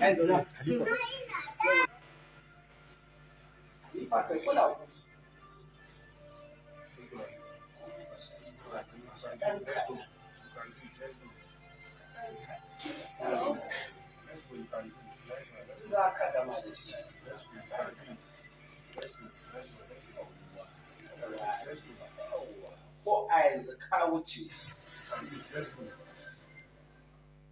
Allí pasó a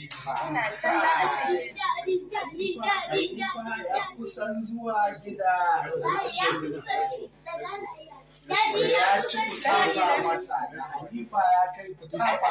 Ina can da a Ya kusan zuwa gida. Ya ci masa da halifa ya kai fitafa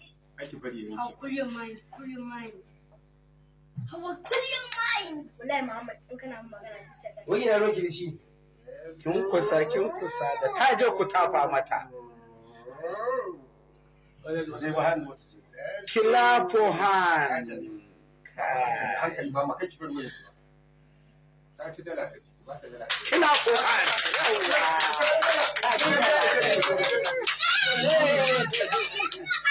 ake bari yayi how your mind your mind your mind wallahi muhammad in kana magana ta wai ina roki da shi kin kusa kin kusa da ta je ku tafa mata Clap your hand. Clap your hand.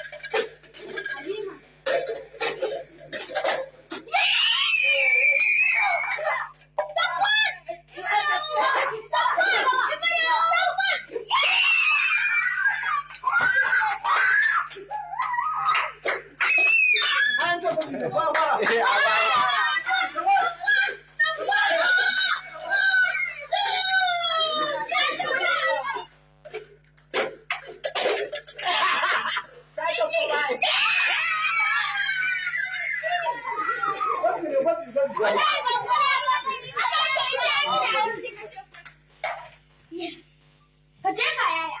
他真买呀！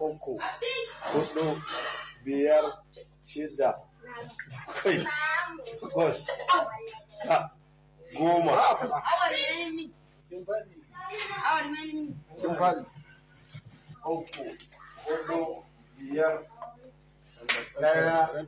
uku, hudu, biyar, shida, bakwai, takwas, goma. Uku, hudu, biyar, ɗaya,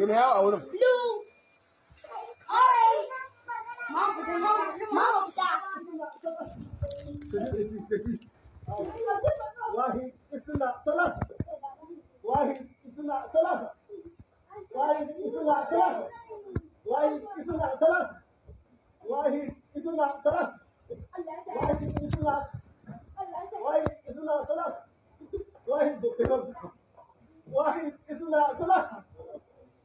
You me out? I want to. No. All right. Mom, Why is it not Why is it not Why is it not Why is it not Why is it not Why is it not Why is it not Why is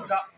감사합니다.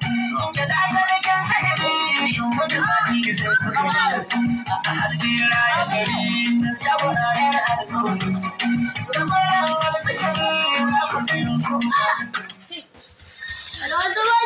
raya gari da wuraren alkawari